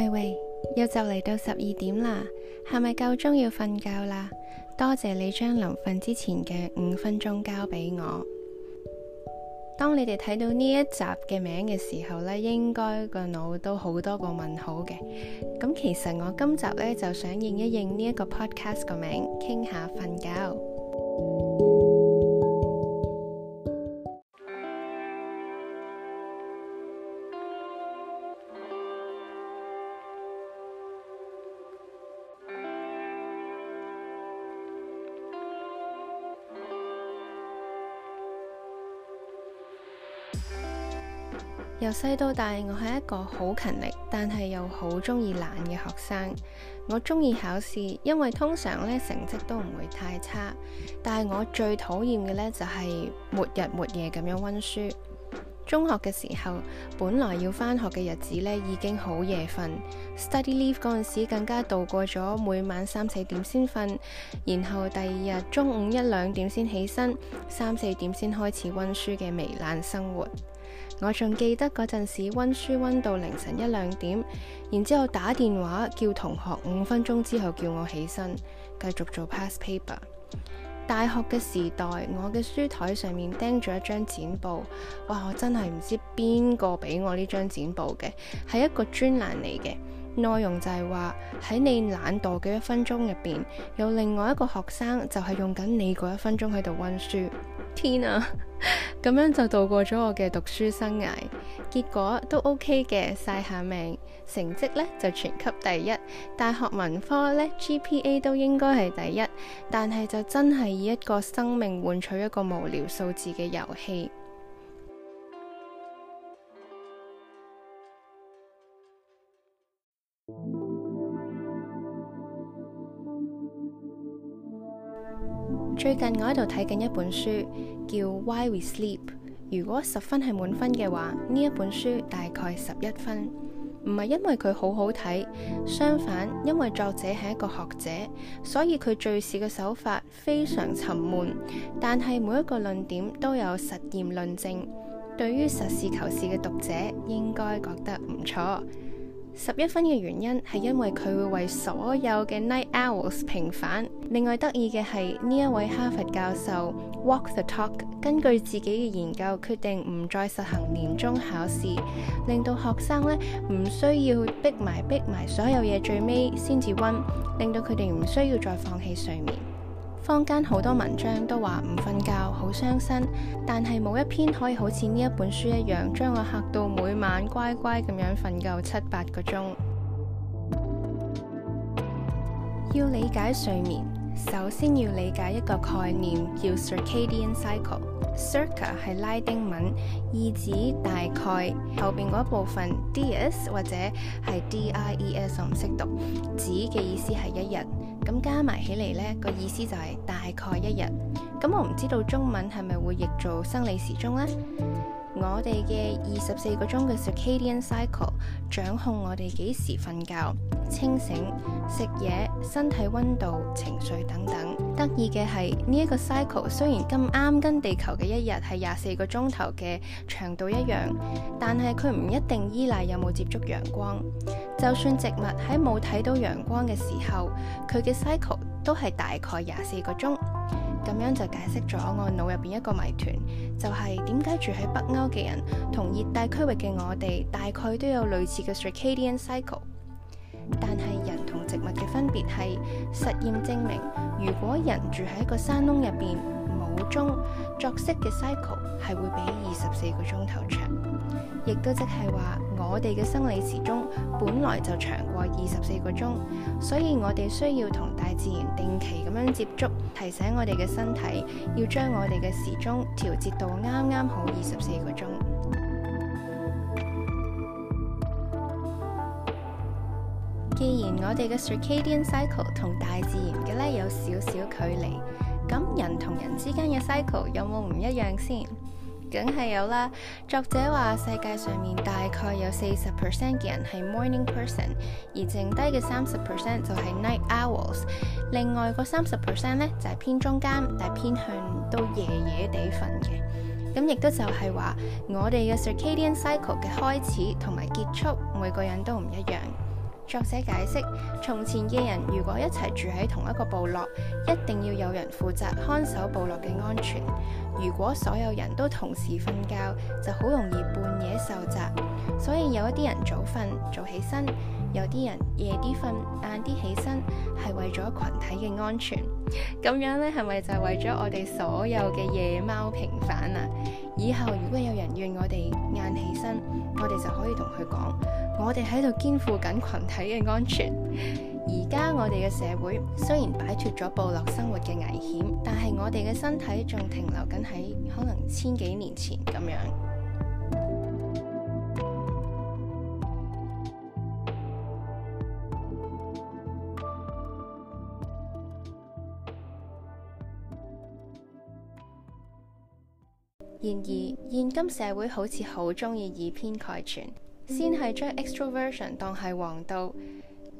喂喂，又就嚟到十二點啦，係咪夠鐘要瞓覺啦？多謝你將臨瞓之前嘅五分鐘交俾我。當你哋睇到呢一集嘅名嘅時候呢，應該個腦都好多個問號嘅。咁其實我今集呢，就想應一應呢一個 podcast 個名，傾下瞓覺。由細到大，我係一個好勤力，但係又好中意懶嘅學生。我中意考試，因為通常呢成績都唔會太差。但係我最討厭嘅呢，就係沒日沒夜咁樣溫書。中學嘅時候，本來要返學嘅日子咧，已經好夜瞓。 study leave 嗰陣時，更加度過咗每晚三四點先瞓，然後第二日中午一兩點先起身，三四點先開始溫書嘅糜爛生活。我仲記得嗰陣時溫書溫到凌晨一兩點，然之後打電話叫同學五分鐘之後叫我起身，繼續做 past paper。大學嘅時代，我嘅書台上面釘住一張剪報，哇！我真係唔知邊個俾我呢張剪報嘅，係一個專欄嚟嘅，內容就係話喺你懶惰嘅一分鐘入邊，有另外一個學生就係用緊你嗰一分鐘喺度溫書。天啊！咁 樣就度過咗我嘅讀書生涯，結果都 OK 嘅，晒下命，成績呢就全級第一。大學文科呢，GPA 都應該係第一，但係就真係以一個生命換取一個無聊數字嘅遊戲。最近我喺度睇緊一本書，叫《Why We Sleep》。如果十分係滿分嘅話，呢一本書大概十一分。唔係因為佢好好睇，相反，因為作者係一個學者，所以佢敘事嘅手法非常沉悶。但係每一個論點都有實驗論證，對於實事求是嘅讀者應該覺得唔錯。十一分嘅原因係因為佢會為所有嘅 night owls 平反。另外得意嘅係呢一位哈佛教授 walk the talk，根據自己嘅研究決定唔再實行年終考試，令到學生呢，唔需要逼埋逼埋所有嘢，最尾先至溫，令到佢哋唔需要再放棄睡眠。坊間好多文章都話唔瞓。傷身，但係冇一篇可以好似呢一本書一樣，將我嚇到每晚乖乖咁樣瞓夠七八個鐘。要理解睡眠，首先要理解一個概念叫 circadian cycle。circa 係拉丁文，意指大概後邊嗰部分 dias 或者係 dies，我唔識讀，指嘅意思係一日。咁加埋起嚟呢個意思就係大概一日。咁我唔知道中文係咪會譯做生理時鐘呢？我哋嘅二十四個鐘嘅 circadian cycle 掌控我哋幾時瞓覺、清醒、食嘢、身體溫度、情緒等等。得意嘅係呢一個 cycle 雖然咁啱跟地球嘅一日係廿四個鐘頭嘅長度一樣，但係佢唔一定依賴有冇接觸陽光。就算植物喺冇睇到陽光嘅時候，佢嘅 cycle 都係大概廿四個鐘。咁樣就解釋咗我腦入邊一個謎團，就係點解住喺北歐嘅人同熱帶區域嘅我哋大概都有類似嘅 circadian cycle，但係人同植物嘅分別係，實驗證明，如果人住喺一個山窿入邊。古鐘作息嘅 cycle 係會比二十四個鐘頭長，亦都即係話我哋嘅生理時鐘本來就長過二十四個鐘，所以我哋需要同大自然定期咁樣接觸，提醒我哋嘅身體要將我哋嘅時鐘調節到啱啱好二十四個鐘。既然我哋嘅 circadian cycle 同大自然嘅呢有少少距離。咁人同人之間嘅 cycle 有冇唔一樣先？梗係有啦。作者話世界上面大概有四十 percent 嘅人係 morning person，而剩低嘅三十 percent 就係 night owls。另外個三十 percent 咧就係偏中間，但係偏向都夜夜地瞓嘅。咁亦都就係話我哋嘅 circadian cycle 嘅開始同埋結束每個人都唔一樣。作者解釋，從前嘅人如果一齊住喺同一個部落，一定要有人負責看守部落嘅安全。如果所有人都同時瞓覺，就好容易半夜受襲。所以有一啲人早瞓早起身，有啲人夜啲瞓晏啲起身，係為咗群體嘅安全。咁樣呢，係咪就係為咗我哋所有嘅夜貓平反啊？以後如果有人怨我哋晏起身，我哋就可以同佢講。我哋喺度肩負緊群體嘅安全。而家我哋嘅社會雖然擺脫咗部落生活嘅危險，但係我哋嘅身體仲停留緊喺可能千幾年前咁樣。 然而，現今社會好似好中意以偏概全。先係將 extroversion 當係王道，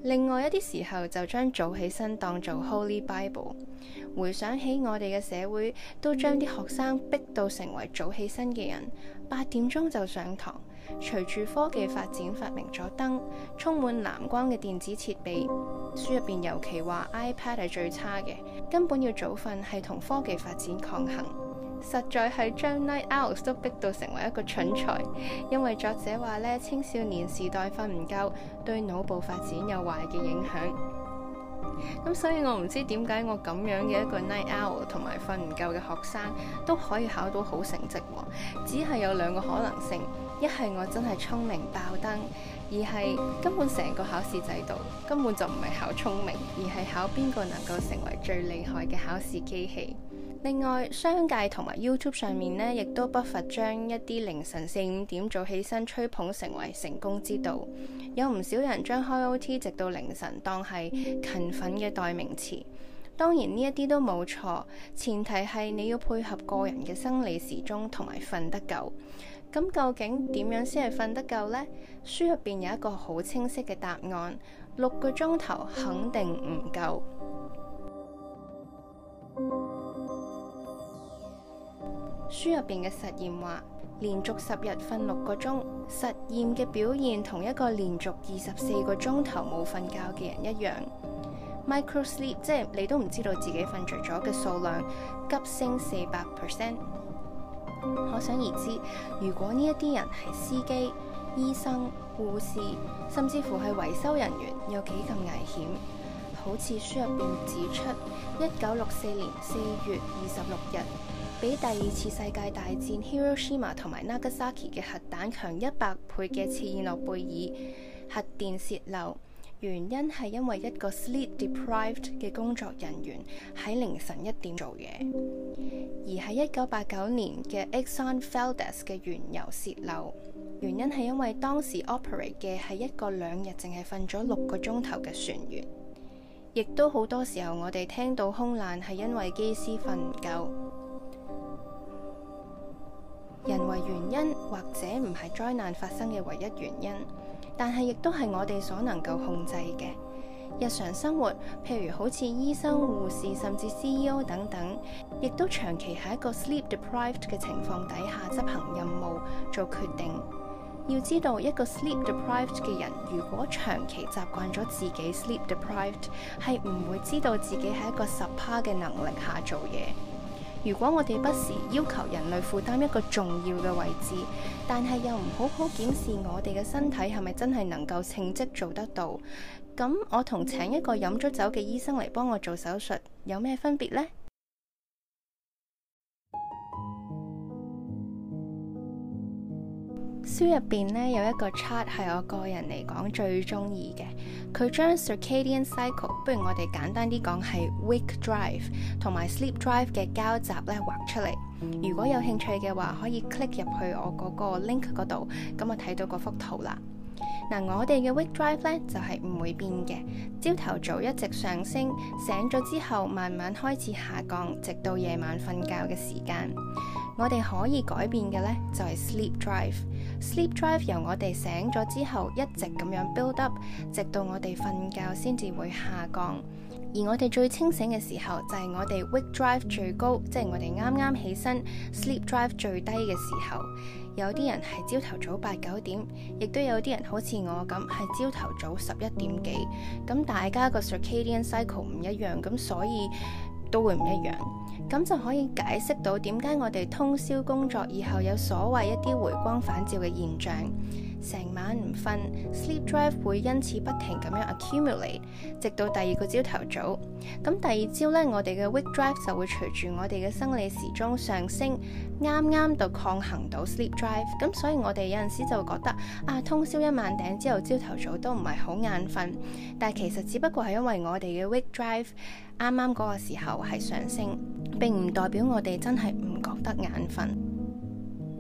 另外一啲時候就將早起身當做 Holy Bible。回想起我哋嘅社會，都將啲學生逼到成為早起身嘅人，八點鐘就上堂。隨住科技發展，發明咗燈，充滿藍光嘅電子設備，書入邊尤其話 iPad 係最差嘅，根本要早瞓係同科技發展抗衡。實在係將 night owls 都逼到成為一個蠢材，因為作者話咧，青少年時代瞓唔夠對腦部發展有壞嘅影響。咁所以我唔知點解我咁樣嘅一個 night owl 同埋瞓唔夠嘅學生都可以考到好成績，喎，只係有兩個可能性：一係我真係聰明爆燈，二係根本成個考試制度根本就唔係考聰明，而係考邊個能夠成為最厲害嘅考試機器。另外，商界同埋 YouTube 上面呢，亦都不乏將一啲凌晨四五點早起身吹捧成為成功之道，有唔少人將開 OT 直到凌晨當係勤奮嘅代名詞。當然呢一啲都冇錯，前提係你要配合個人嘅生理時鐘同埋瞓得夠。咁究竟點樣先係瞓得夠呢？書入邊有一個好清晰嘅答案：六個鐘頭肯定唔夠。書入邊嘅實驗話，連續十日瞓六個鐘，實驗嘅表現同一個連續二十四個鐘頭冇瞓覺嘅人一樣。Micro sleep，即係你都唔知道自己瞓着咗嘅數量急升四百 percent。可想而知，如果呢一啲人係司機、醫生、護士，甚至乎係維修人員，有幾咁危險？好似書入邊指出，一九六四年四月二十六日，比第二次世界大戰 Hiroshima 同埋 Nagasaki 嘅核彈強一百倍嘅切爾諾貝爾核電泄漏，原因係因為一個 sleep deprived 嘅工作人員喺凌晨一點做嘢。而喺一九八九年嘅 Exxon Valdez 嘅原油洩漏，原因係因為當時 operate 嘅係一個兩日淨係瞓咗六個鐘頭嘅船員。亦都好多時候我哋聽到空難係因為機師瞓唔夠。人為原因或者唔係災難發生嘅唯一原因，但係亦都係我哋所能夠控制嘅。日常生活譬如好似醫生、護士甚至 CEO 等等，亦都長期喺一個 sleep deprived 嘅情況底下執行任務、做決定。要知道一個 sleep deprived 嘅人，如果長期習慣咗自己 sleep deprived，係唔會知道自己喺一個十趴嘅能力下做嘢。如果我哋不時要求人類負擔一個重要嘅位置，但係又唔好好檢視我哋嘅身體係咪真係能夠稱職做得到，咁我同請一個飲咗酒嘅醫生嚟幫我做手術，有咩分別呢？書入邊咧有一個 chart 係我個人嚟講最中意嘅。佢將 circadian cycle，不如我哋簡單啲講係 wake drive 同埋 sleep drive 嘅交集咧畫出嚟。如果有興趣嘅話，可以 click 入去我嗰個 link 嗰度，咁我睇到嗰幅圖啦。嗱，我哋嘅 wake drive 咧就係、是、唔會變嘅，朝頭早一直上升，醒咗之後慢慢開始下降，直到夜晚瞓覺嘅時間。我哋可以改變嘅咧就係、是、sleep drive。Sleep drive 由我哋醒咗之後一直咁樣 build up，直到我哋瞓覺先至會下降。而我哋最清醒嘅時候就係、是、我哋 wake drive 最高，即、就、係、是、我哋啱啱起身，sleep drive 最低嘅時候。有啲人係朝頭早八九點，亦都有啲人好似我咁係朝頭早十一點幾。咁大家個 circadian cycle 唔一樣，咁所以都會唔一樣。咁就可以解釋到點解我哋通宵工作以後有所謂一啲回光返照嘅現象。成晚唔瞓，sleep drive 會因此不停咁樣 accumulate，直到第二個朝頭早。咁第二朝呢，我哋嘅 wake drive 就會隨住我哋嘅生理時鐘上升，啱啱到抗衡到 sleep drive。咁所以我哋有陣時就會覺得啊，通宵一晚頂之後，朝頭早都唔係好眼瞓。但係其實只不過係因為我哋嘅 wake drive 啱啱嗰個時候係上升，並唔代表我哋真係唔覺得眼瞓。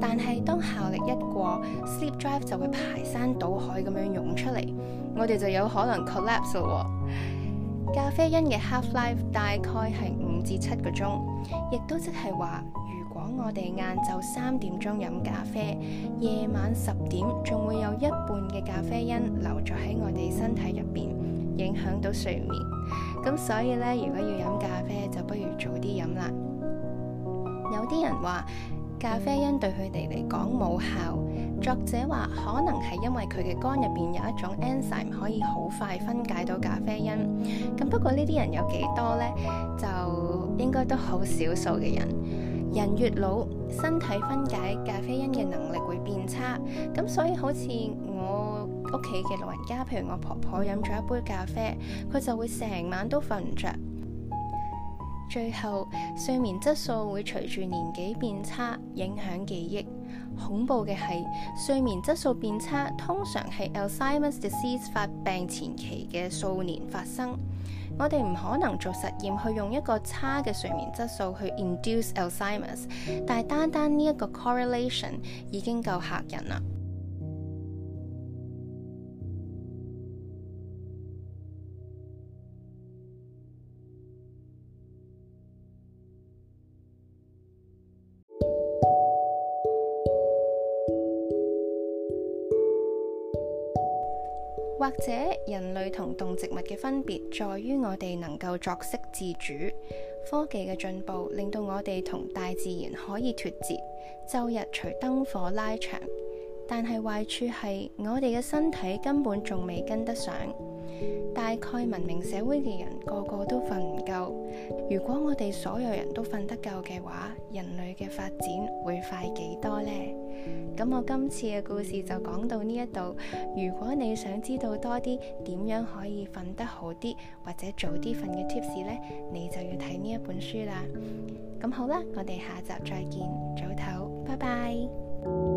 但係當效力一過，sleep drive 就會排山倒海咁樣湧出嚟，我哋就有可能 collapse 咯喎。咖啡因嘅 half life 大概係五至七個鐘，亦都即係話，如果我哋晏晝三點鐘飲咖啡，夜晚十點仲會有一半嘅咖啡因留在喺我哋身體入邊，影響到睡眠。咁所以咧，如果要飲咖啡，就不如早啲飲啦。有啲人話。咖啡因對佢哋嚟講冇效，作者話可能係因為佢嘅肝入邊有一種 enzyme 可以好快分解到咖啡因。咁不過呢啲人有幾多呢？就應該都好少數嘅人。人越老，身體分解咖啡因嘅能力會變差。咁所以好似我屋企嘅老人家，譬如我婆婆飲咗一杯咖啡，佢就會成晚都瞓唔着。最後，睡眠質素會隨住年紀變差，影響記憶。恐怖嘅係，睡眠質素變差通常係 Alzheimer's disease 發病前期嘅數年發生。我哋唔可能做實驗去用一個差嘅睡眠質素去 induce Alzheimer's，但係單單呢一個 correlation 已經夠嚇人啦。或者人類同動植物嘅分別，在於我哋能夠作息自主。科技嘅進步令到我哋同大自然可以脫節。周日隨燈火拉長，但係壞處係我哋嘅身體根本仲未跟得上。大概文明社會嘅人個個都瞓唔夠。如果我哋所有人都瞓得夠嘅話，人類嘅發展會快幾多呢？咁我今次嘅故事就講到呢一度。如果你想知道多啲點樣可以瞓得好啲或者早啲瞓嘅 tips 呢，你就要睇呢一本書啦。咁好啦，我哋下集再見，早唞，拜拜。